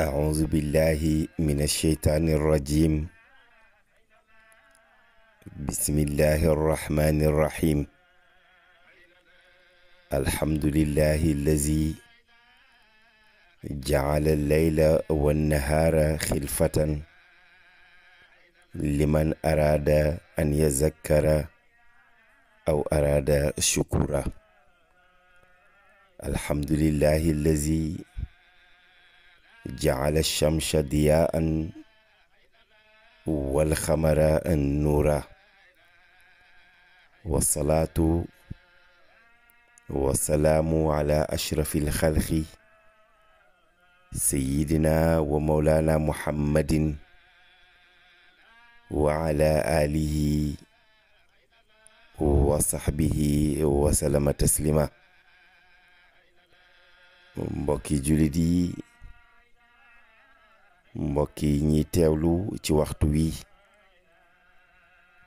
أعوذ بالله من الشيطان الرجيم بسم الله الرحمن الرحيم الحمد لله الذي جعل الليل والنهار خلفة لمن أراد أن يذكر أو أراد شكورا الحمد لله الذي jaala shamsa diyaan wal xamara nuura wasalaatu wasalaamu ala ashrafi alxalqi sayidina wa maulana muhammadin wa ala alihi wa saxbihi wa salama taslima mbokki julit yi mbokk yi ñiy teewlu ci waxtu wi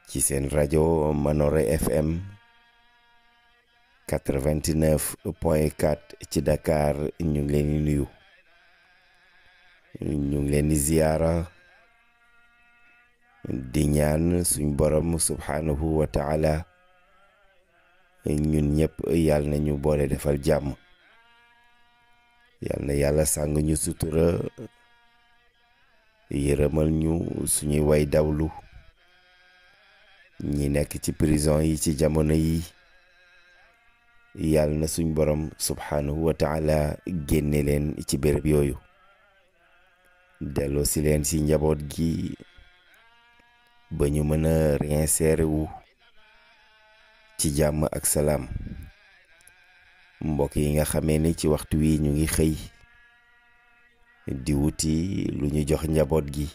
ci seen rajo Manore FM ci Dakar ñu ngi leen di nuyu ñu leen di ziyaara di ñaan suñ borom subhaanahu wa taala ñun ñëpp yàlla na ñu boole defal jàmm yàlla na yàlla sàng ñu sutura yërëmal ñu suñuy way dawlu ñi nekk ci prison yi ci jamono yi yàlla na suñ borom subhaanahu wa taala génne leen ci béréb yooyu delloo si leen ci njaboot gi ba ñu mën a réinsérer ci jàmm ak salaam mbokk yi nga xamee ni ci waxtu wi ñu ngi xëy di wuti lu ñu jox njaboot gi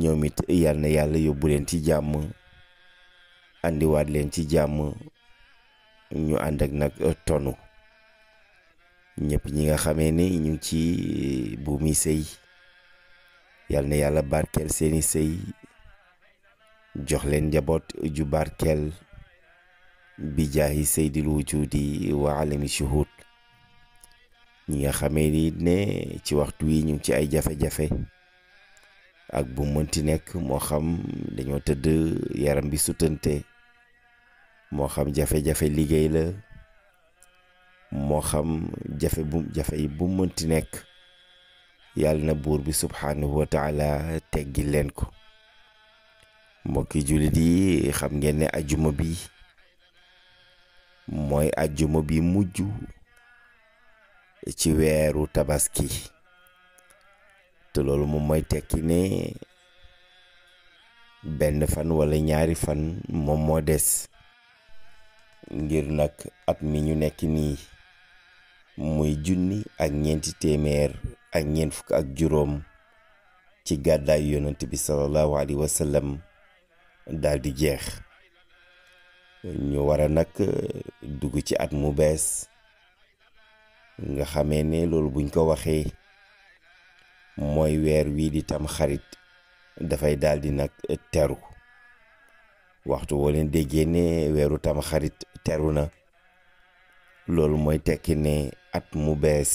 ñoom it yal na yàlla yóbbu leen ci jàmm andiwaat leen ci jàmm ñu ànd ak nag tonu ñëpp ñi nga xamee ni ñu ngi ci buumi sëy yal na yàlla barkeel seeni sëy joxleen njaboot ju barkeel bi jaahi saydil wujudi wa alami shuhud ñi nga xamee ni ne ci waxtu wi ñu ngi ci ay jafe-jafe ak bu mënti nekk moo xam dañoo tëdd yaram bi sutante moo xam jafe-jafe liggéey la moo xam jafe bu jafe yi bu mënti nekk yàlla na buur bi subhaanahu wa teggi leen ko mbokki jullit yi xam ngeen ne ajuma bi mooy ajuma bi mujj ci weeru tabaski te loolu moom mooy tekki ne benn fan wala ñaari fan moom moo des ngir nag at mi ñu nekk nii muy junni ak ñeenti téeméer ak ñeent fukk ak juróom ci gàddaayu yonent bi sallallahu alayhi wa sallam jeex ñu war a nag dugg ci at mu bees nga xamee ne loolu buñ ko waxee mooy weer wii di tam xarit dafay daldi di nag teru waxtu woo leen déggee ne weeru tam xarit teru na loolu mooy tekki ne at mu bees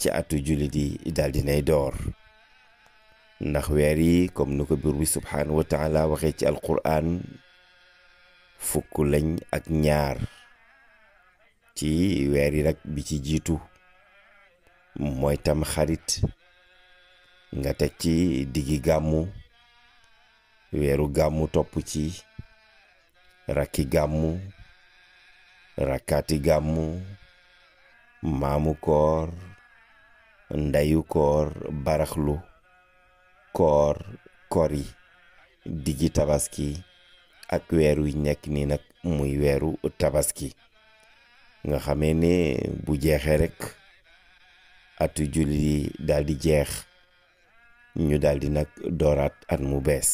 ci atu jullit yi daldi di nay door ndax weer yi comme nu ko buur bi subhaanahu wa taala waxee ci alquran fukk lañ ak ñaar ci weer yi nag bi ci jiitu mooy tam nga teg ci diggi gàmmu weeru gàmmu topp ci rakki gàmmu rakkaati gàmmu maamu koor ndayu koor baraxlu koor kori diggi tabaski ak weer wi nekk nii nag muy weeru tabaski nga xamee ne bu jeexee rek atu julli yi daldi di jeex ñu daal nag dooraat at mu bees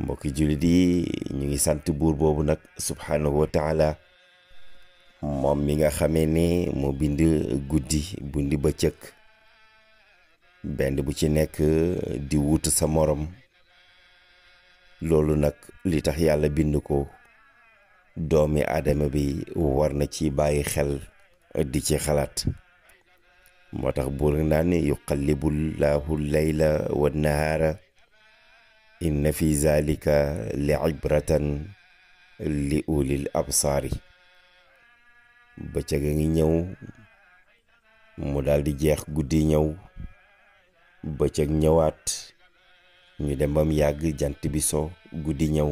mbokki jullit yi ñu ngi sant buur boobu nag subhaanahu wa moom mi nga xamee ne moo bind guddi bundi bëccëg benn bu ci nekk di wut sa moroom loolu nag li tax yàlla bind ko doomi aadama bi war na ci bàyyi xel di ci xalaat moo tax buur naa ne yuqallibu llaahu layla wa nahaara inna fi zalika li ibratan li ulil absaari bëccëg a ngi ñëw mu daal di jeex guddi ñëw bëccëg ñëwaat ñu dem bam yàgg jant bi so guddi ñëw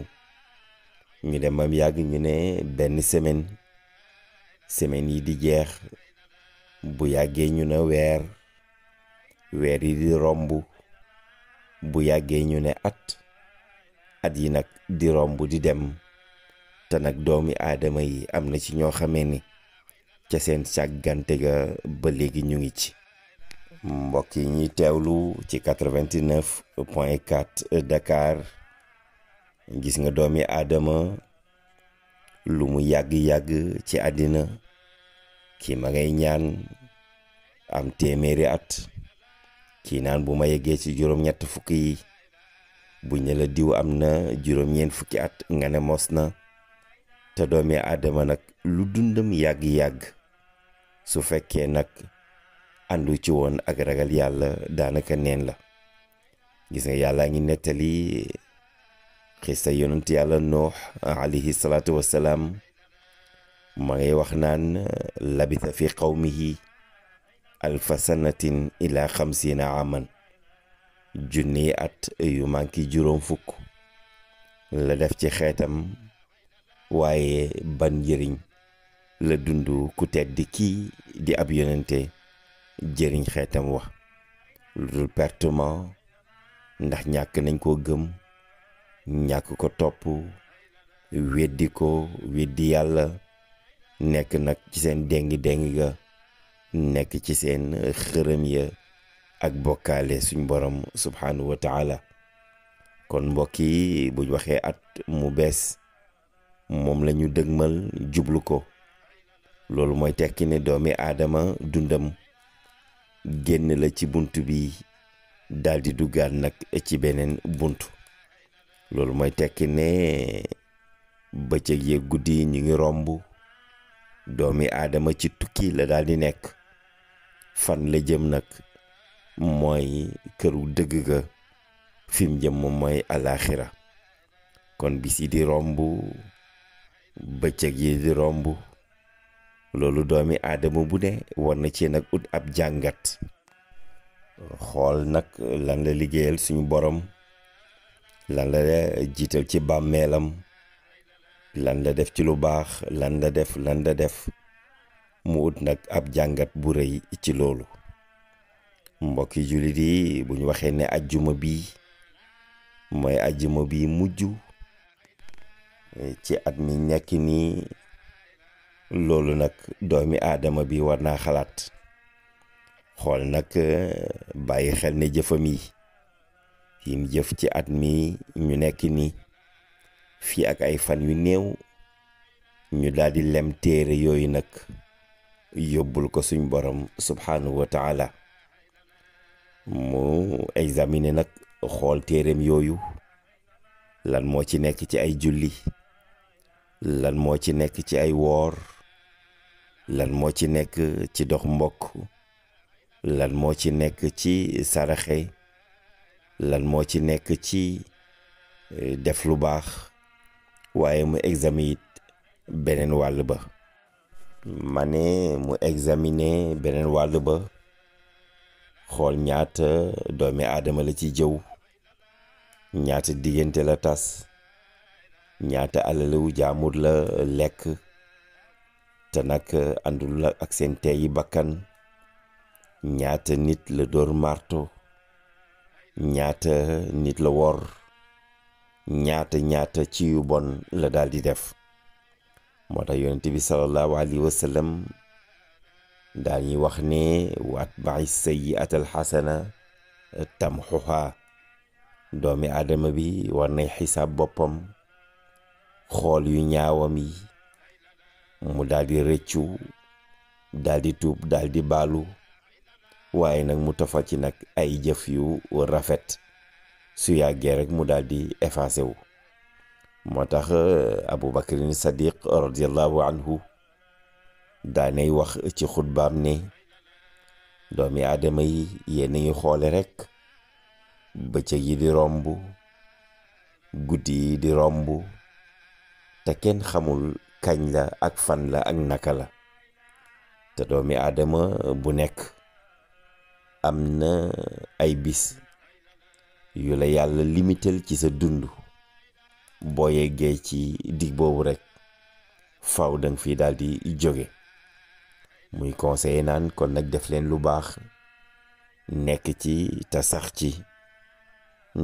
ñu dem bam yàgg ñu ne benn semaine semaine yi di jeex bu yàggee ñu ne weer weer yi di romb bu yàggee ñu ne at at yi nag di romb di dem te nag doomi aadama yi am na ci ñoo xamee ni ca seen càggante ga ba léegi ñu ngi ci mbokk yi ñuy teewlu ci 89 point 4 Dakar gis nga doomi aadama lu mu yàgg-yàgg ci àddina ki ma ngay ñaan am téeméeri at ki naan bu ma yeggee ci juróom-ñett fukk yi bu ñu diw am na juróom-ñeent fukki at nga ne mos na te doomi adama nag lu dundam yàgg-yàgg su fekkee nag àndu ci woon ak ragal yàlla daanaka neen la gis nga yàllaa ngi nettali xisa yonent yàlla noox alayhi salaatu wassalaam ma ngay wax naan labitha fi qawmihi alfa sanatin ila xamsina aman junni at yu manki juróom fukk la def ci xeetam waaye ban njëriñ la dund ku tedd kii di ab yonente jëriñ xeetam wa lu dul pertement ndax ñàkk nañ koo gëm ñàkk ko topp weddi ko weddi yàlla nekk nag ci seen déngi-déngi ga nekk ci seen xërëm ya ak bokkaale suñ borom subhaanahu wa kon mbokk yi waxee at mu bees moom lañu ñu dëgmal jublu ko loolu mooy tekki ne doomi aadama dundam génn la ci bunt bi daldi duggaat nag ci beneen bunt loolu mooy tekki ne bëccëg yeeg guddi ñu ngi romb doomi aadama ci tukki la daal di nekk fan la jëm nag mooy këru dëgg ga fim mu jëm moom mooy alaaxira kon bis yi di romb bëccëg yi di romb loolu doomi aadama bu ne war na ci nag ut ab jàngat xool nag lan la liggéeyal suñu borom lan la jiital ci bàmmeelam lan la def ci lu baax lan la def lan la def mu ut nag ab jàngat bu rëy ci loolu mbokki jullit yi bu waxee ne ajjuma bi mooy ajjuma bii mujj ci at mi nekk nii loolu nag doomi aadama bi war naa xalaat xool nag bàyyi xel ne jëfam yi yim jëf ci at mi ñu nekk nii fii ak ay fan yu néew ñu daldi lem téere yooyu nag yóbbul ko suñ borom subhaanahu wa taala mu examiner nag xool téereem yooyu lan moo ci nekk ci ay julli lan moo ci nekk ci ay woor lan moo ci nekk ci dox mbokk lan moo ci nekk ci saraxe lan moo ci nekk ci eh, def lu baax waaye mu examine it beneen wàll ba mane ne mu examiner beneen wàll ba xool ñaata doomi aadama la ci jëw ñaata diggante la tas ñaata alalewu jaamur la lekk te nag àndul ak seen teyi bakkan ñaata nit la dóor marto ñaata nit la wor ñaata ñaata ci yu bon la daal di def moo tax yonent bi sallallahu alayhi wa daal ñuy wax ne wa atbai sayiat alxasana tamxuhaa doomi adama bi war nay xisaab boppam xool yu ñaawa yi mu daal di rëccu daal di tuub daal di baalu waaye nag mu tafa ci nag ay jëf yu rafet su yàggee rek mu daal di effacé wu moo tax euh, abu aboubacrin sadiq radiallahu anhu daanay wax ci xutbaam ne doomi aadama yi yéen a ngi xoole rek bëccëg yi di romb guddi yi di romb te kenn xamul kañ la ak fan la ak naka la te doomi aadama bu nekk am na ay bis yu la yàlla limitel ci sa dund boo yeggee ci dig boobu rek faw danga fii daal di jóge muy conseillé naan kon nag def leen lu baax nekk ci te sax ci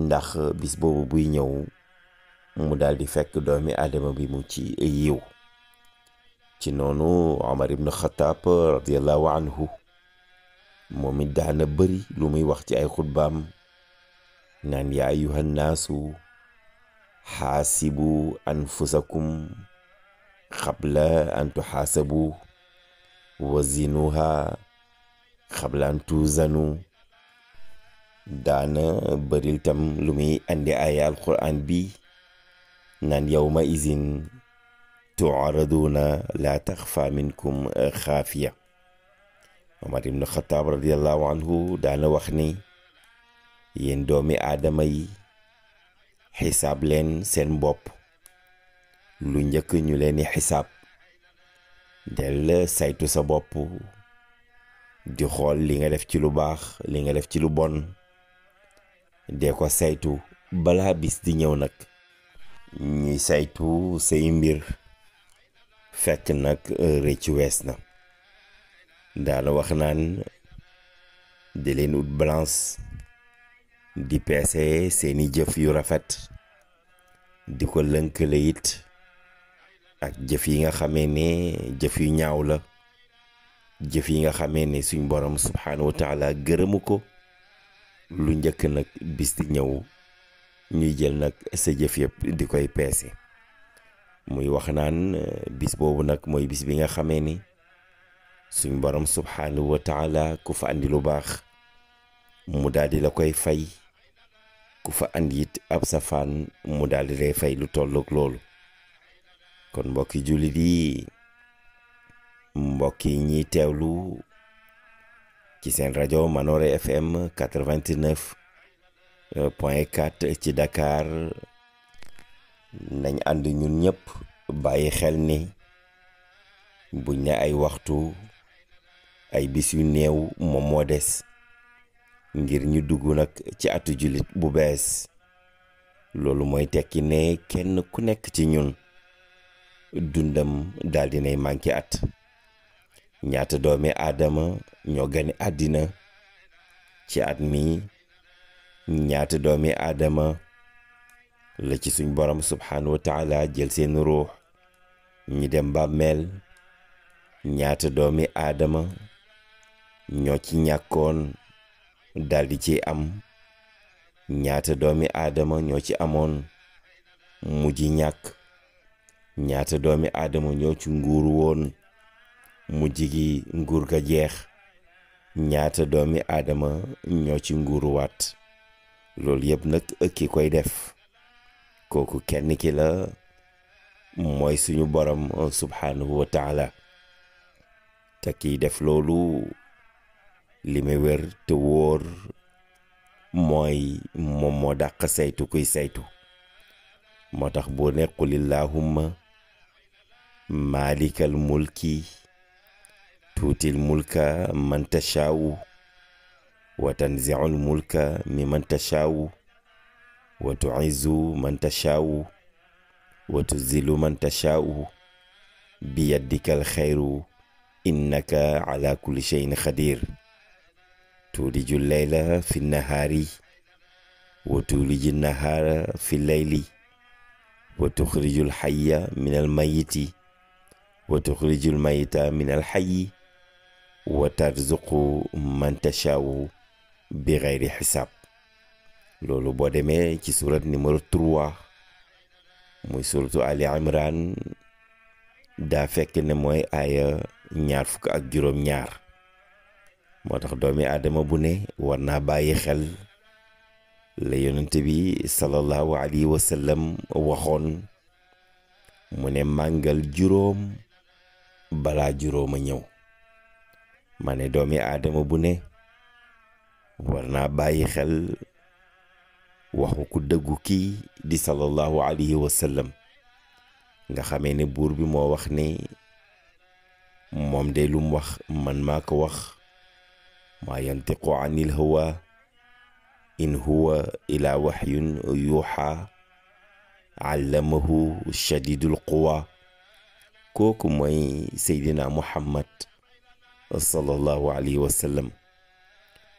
ndax bis boobu buy ñëw mu daal di fekk doomi aadama bi mu ci yiw ci noonu Omar ibn Khattab radiallahu anhu moom it daana bëri lu muy wax ci ay xutbaam naan yaa ayuha nnaasu xaasibu anfusakum xabla an tuxaasabu wazinuha xabla an tuzanu daana bëril tam lu muy andi ay alquran bi naan yawma izin tuaraduna la taxfa minkum xaafiya Omar ibn Khattab radiallahu anhu daana wax ni yéen doomi aadama yi xisaab leen seen bopp lu njëkk ñu leen di xisaab del saytu sa bopp di xool li nga def ci lu baax li nga def ci lu bon dee ko saytu balaa bis di ñëw nag ñuy saytu say mbir fekk nag rëccu wees na daana wax naan di leen ut balance di peese seeni jëf yu rafet di ko lënkale it ak jëf yi nga xamee ne jëf yu ñaaw la jëf yi nga xamee ne suñ borom subhaanahu wa taala gërëmu ko lu njëkk nag bis di ñëw ñuy jël nag sa jëf yëpp di koy peese muy wax naan bis boobu nag mooy bis bi nga xamee ni suñ borom subhaanahu wa taala ku fa andi lu baax mu daal la koy fay ku fa andi it ab safaan mu daal di lay fay lu tollook loolu kon mbokki jullit yi mbokki ñiy teewlu ci seen rajo Manore FM 89 ci Dakar nañ ànd ñun ñëpp bàyyi xel ni buñ ne ay waxtu ay bis yu néew moom des ngir ñu dugg nag ci atu julit bu bees loolu mooy tekki ne kenn ku nekk ci ñun dundam daal dinay manqué at ñaata doomi aadama ñoo gane àddina ci at mi ñaata doomi aadama la ci suñ borom subhaanahu wa taala jël seen ruux ñi dem bàmmeel ñaata doomi aadama ñoo ci ñàkkoon daldi ci am ñaata doomi aadama ñoo ci amoon mujj ñàkk ñaata doomi aadama ñoo ci nguur woon mujj gi nguur ga jeex ñaata doomi aadama ñoo ci nguuruwaat loolu yëpp na ki koy def kooku kenn ki la mooy suñu borom subhanahu wa taala te kiy def loolu li ma wér te wóor mooy moom moo dàq saytu kuy saytu moo tax boo ne qul illahumma maalikal mulki tuutil mulka man tashaawu wa tanziul mulka mi man tashaawu wa tuizzu man tashaawu wa tuzilu man bi yaddikal xayru innaka ala kulli cheyin xadir tuuliju leyla fi nahaari wa tuuliju nahaara fi leyli wa tuxriju lxaya min almayiti wa tuxriju lmayita min alxayi wa tarzuqu man tachaawu bi xeyri xisaab loolu boo demee ci surat numéro 3 muy suratu Ali Imran daa fekk ne mooy aaya ñaar fukk ak juróom ñaar moo tax doomi aadama bu ne war naa bàyyi xel la yonent bi sallallahu alayhi wa sallam waxoon mu ne màngal juróom balaa juróoma ñëw ma ne doomi aadama bu ne war naa bàyyi xel waxu ku dëggu kii di sallallahu alayhi wa sallam nga xamee ne buur bi moo wax ni moom de lu wax man maa ko wax maa yantiqu anil hawa in huwa ila waxyun yuuxa allamahu shadidul quwa kooku mooy seydina muhammad sallallahu alayhi wa sallam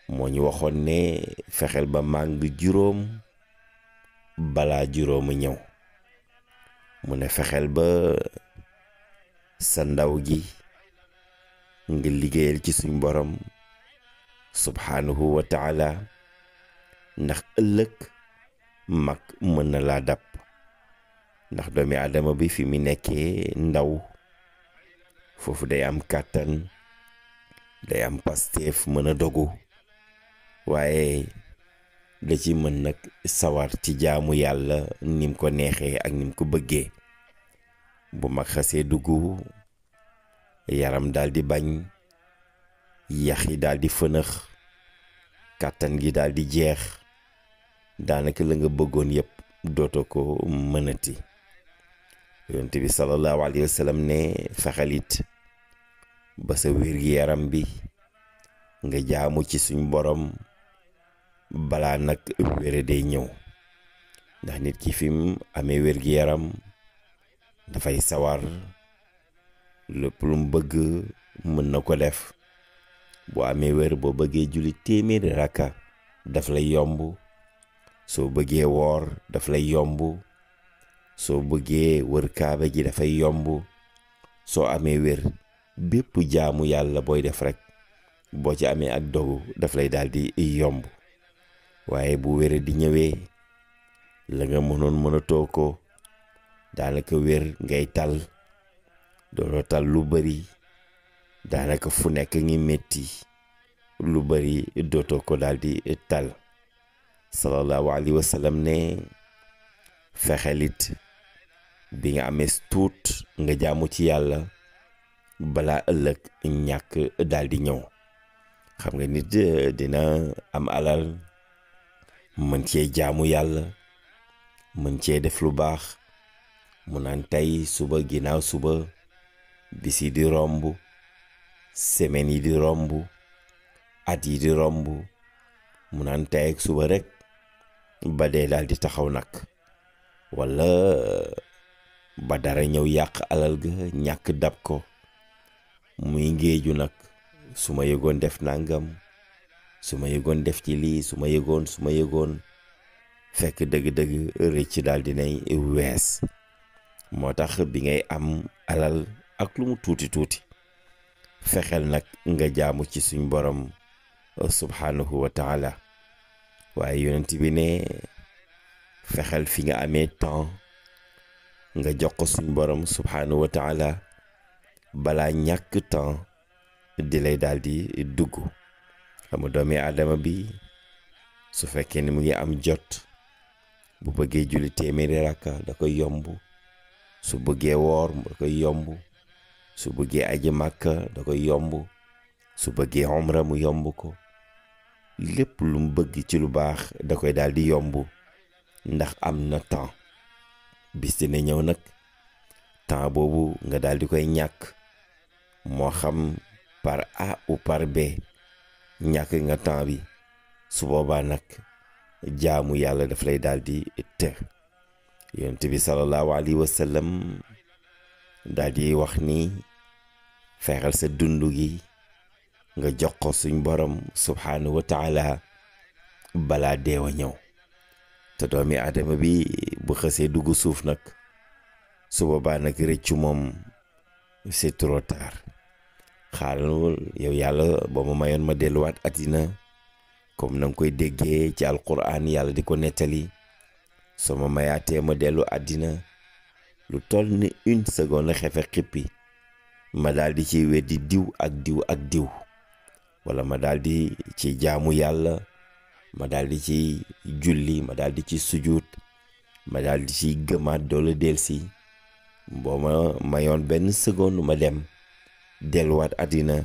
moo ñu waxoon ne fexeel ba màng juróom balaa juróomu ñëw mune fexeel ba sa ndaw gi nga liggéeyal ci suñ borom subhaanahu wa ndax ëllëg mag mën na laa dab ndax doomi aadama bi fi mu nekkee ndaw foofu day am kàttan day am pasteef mën a dogu waaye da ci mën nag sawar ci jaamu yàlla nim ko neexee ak nim ko bëggee bu mag xasee dugg yaram daal di bañ yax yi daal di fënax kàttan gi daal di jeex daanaka la nga bëggoon yëpp dootoo ko mënati yonent bi sallallahu alayhi wa sallam ne fexelit ba sa wér-gi-yaram bi nga jaamu ci suñ borom balaa nag wére ñëw ndax nit ki fi mu amee wér-gi-yaram dafay sawar lépp lu mu bëgg mën na ko def boo amee wér boo bëggee julli téeméeri rakka daf lay yomb soo bëggee woor daf lay yomb soo bëggee wër kaaba gi dafay yomb soo amee wér bépp jaamu yàlla booy def rekk boo ci amee ak dogu daf lay daldi yomb waaye bu wére di ñëwee la nga mënoon mënatoo ko daanaka wér ngay tal dootoo tal lu bari daanaka fu nekk ngi metti lu bari dootoo ko daal tal sallallahu alayhi wa sallam ne fexelit bi nga amee tuut nga jaamu ci yàlla bala ëllëg ñàkk daldi di ñëw xam nga nit eh, dina am alal mën cee jaamu yàlla mën cee def lu baax mu naan tey suba ginnaaw suba bisi di romb semaine yi di romb at yi di romb mu naan tey ak suba rek ba dee daal di taxaw nag wala ba dara ñëw yàq alal ga ñàkk dab ko muy ngéeju nag su ma yëgoon def nàngam su ma yëgoon def ci lii su ma yëgoon su ma yëgoon fekk dëgg-dëgg rëcc daal dinay wees moo tax bi ngay am alal ak lu mu tuuti tuuti fexeel nag nga jaamu ci suñ borom euh, subhaanahu wa waaye yonent bi ne fexeel fi nga amee temps nga jox ko suñ borom subhaanahu wa balaa ñàkk temps di lay daldi dugg xam nga doomi aadama bi su fekkee ni mu ngi am jot bu bëggee julli téeméeri rakka da koy yomb su bëggee woor da koy yomb su bëggee aji màkka da koy yomb su bëggee omra mu yomb ko lépp lu mu bëgg ci lu baax da koy daal di yomb ndax am na temps bis dina ñëw nag temps boobu nga daal di koy ñàkk moo xam par A ou par B ñàkk nga temps bi su boobaa nag jaamu yàlla daf lay daal di të yonent bi sallallahu alayhi daal di wax ni fexeel sa dund gi nga jox ko suñ borom subhaanahu wa balaa deew a ñëw te doomi aadama bi bu xësee dugg suuf nag su boobaa nag rëccu moom c'est trop xaaral yow yàlla ba ma mayoon ma delluwaat àddina comme na koy déggee ci alquran yàlla di ko nettali soo ma mayaatee ma dellu àddina lu toll ni une seconde la xefe xippi ma daal di ci weddi diw ak diw ak diw walla ma daldi ci jaamu yàlla ma daldi ci julli ma daldi ci sujuut ma daldi ci gëmaat doole delsi boo ma mayoon benn seconde ma dem delluwaat àddina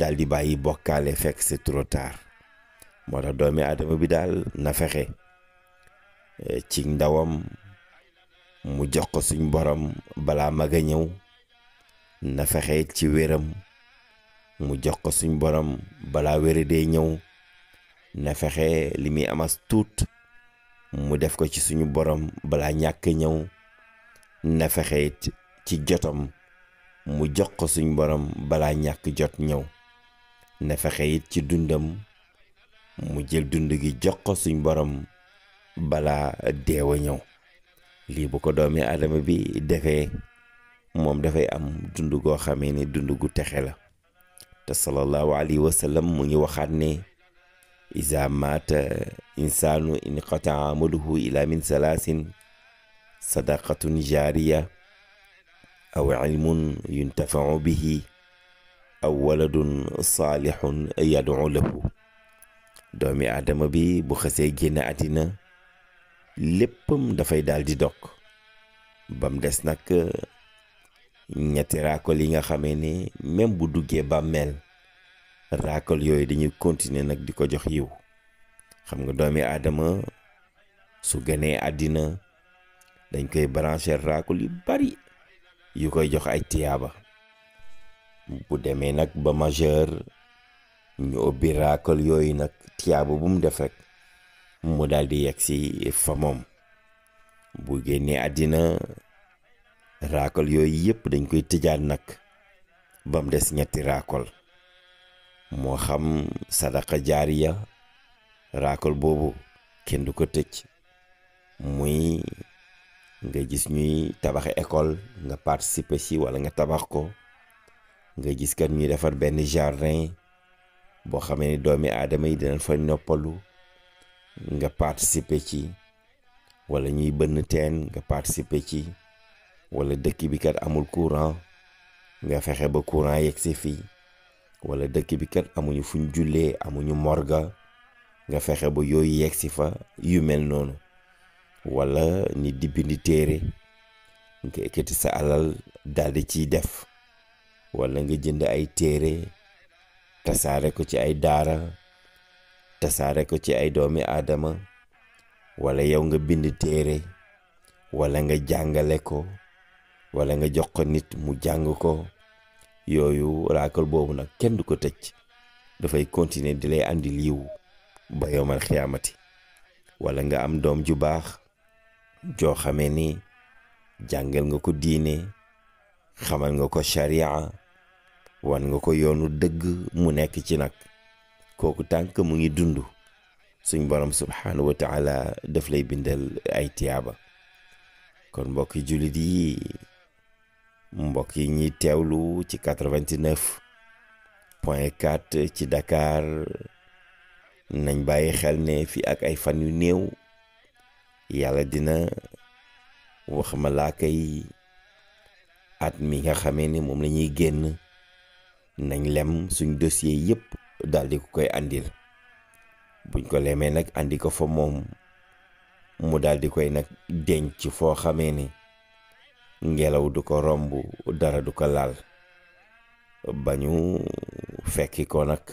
daldi bàyyi bokkaale fekk c'est trop moo tax doomi aadama bi daal na fexe eh, ci ndawam mu jox ko suñu borom balaa mag a ñëw na fexe ci wéram mu jox ko suñu borom balaa wére dee ñëw na fexe li muy amas tuut mu def ko ci suñu borom balaa ñàkk ñëw na fexe ci jotam mu jox ko suñ borom balaa ñàkk jot ñëw na fexe it ci dundam mu jël dund gi jox ko suñu borom balaa a ñëw lii bu ko doomi aadama bi defee moom dafay am dund goo xamee ne dund gu texe la te sallallahu alayhi wa mu ngi waxaat ne iza maata insaanu inqataa amaluhu ila min salaasin sadaqatun jaariya aw ilmun yuntafau bihi aw waladun saalihun yad'u lahu doomi aadama bi bu xasee atina léppam dafay daal di dog ba mu des nag euh, ñetti raakol yi nga xamee ni même bu duggee bàmmeel raakol yooyu dañuy continuer nag di ko jox yiw xam nga doomi aadama su gënee àddina dañ koy brancher raakol yu bari yu koy jox ay tiyaaba bu demee nag ba majeur ñu ubbi raakol yooyu nag tiyaaba bu mu def rek mu daal di yegg si fa moom bu génnee àddina raakol yooyu yëpp dañ koy tëjaat nag ba des ñetti raakol moo xam sadaka jaariya raakol boobu kenn du ko tëj muy nga gis ñuy tabax école nga participer ci walla nga tabax ko nga gis kat ñuy defar benn jardin boo xamee ni doomi aadama yi dinañ fa noppalu nga participer ci wala ñuy bënn teen nga participer ci wala dëkk bi kat amul courant nga fexe ba courant yegg si fii wala dëkk bi kat amuñu fuñ jullee amuñu morga nga fexe ba yooyu yegg si fa yu mel noonu wala ni di bindi téere nga ekkati sa alal daal di ciy def wala nga jënd ay téere tasaare ko ci ay daara tasaare ko ci ay doomi aadama wala yow nga bind téere walla nga jàngale ko wala nga jox ko nit mu jàng ko yooyu raakal boobu nag kenn du ko tëj dafay continuer di lay andi liiw ba yowmal xiyaamati wala nga am doom ju baax joo xamee ni jàngal nga ko diine xamal nga ko sharia wan nga ko yoonu dëgg mu nekk ci nag kooku tànk mu ngi dund suñ borom subhaanahu wa taala lay bindal ay tiyaaba kon mbokki jullit yi mbokk yi ñuy teewlu ci 89 point 4 ci Dakar nañ bàyyi xel ne fii ak ay fan yu néew yàlla dina wax malaaka yi at mi nga xamee ni moom la ñuy génn nañ lem suñ dossier yëpp daldi di ko koy andil buñ ko lemee nag andi ko fa moom mu daldi koy nag denc foo xamee ni ngelaw du ko romb dara du ko laal bañu ñu fekki ko nag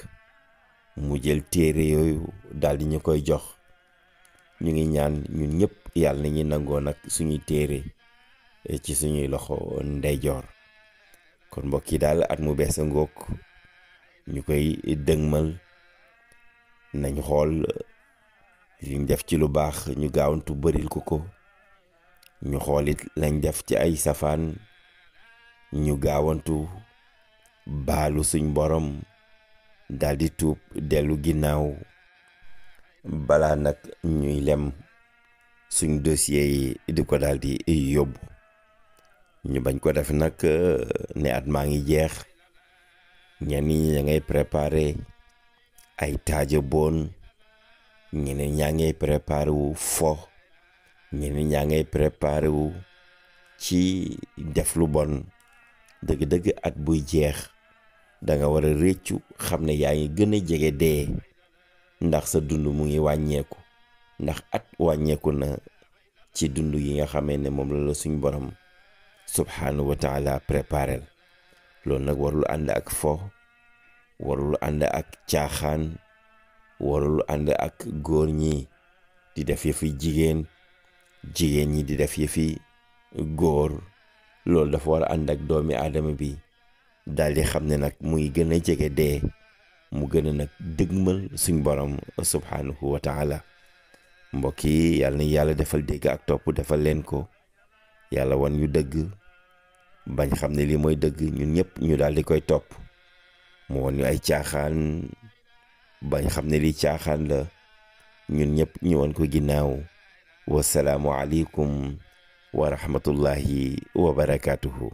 mu jël téere yooyu daldi ñu koy jox ñu ngi ñaan ñun ñëpp yàlla nañu nangoo nag suñuy téere ci suñuy loxo ndeyjoor kon mbokk yi daal at mu bees ngoog ñu koy dëgmal nañ xool liñ def ci lu baax ñu gaawantu bëril ko ko ñu xoolit lañ def ci ay safaan ñu gaawantu baalu suñ borom daldi tuub dellu ginnaaw balaa nag ñuy lem suñ dossier yi di ko daldi yóbbu ñu bañ ko def nag ne at maa ngi jeex ñenn ñi ngay préparé ay taaja boon ñeneen ñaa ngay préparé wu fo ñeneen ñaa ngay préparé wu ci def lu bon dëgg-dëgg at buy jeex da nga war a réccu xam ne yaa ngi gën a jege dee ndax sa dund mu ngi wàññeeku ndax at wàññeeku na ci dund yi nga xamee ne moom la la suñ borom subhaanahu wa taala préparel loolu nag warul ànd ak fo warul ànd ak caaxaan warul ànd ak góor ñi di def yëfi jigéen jigéen ñi di def yëfi góor loolu dafa war a ànd ak doomi aadama bi daal di xam ne nag muy gën a jege dee mu gën a nag dëgmal suñ borom subhanahu wa taala mbokk yi yàlla na yàlla defal dégg ak topp defal leen ko yàlla wan ñu dëgg bañ xam ne lii mooy dëgg ñun ñëpp ñu daal di koy topp mu woon ay caaxaan bañ xam ne lii caaxaan la ñun ñëpp ñu woon ko ginnaaw wasalaamu aleykum wa rahmatullahi wa barakaatuhu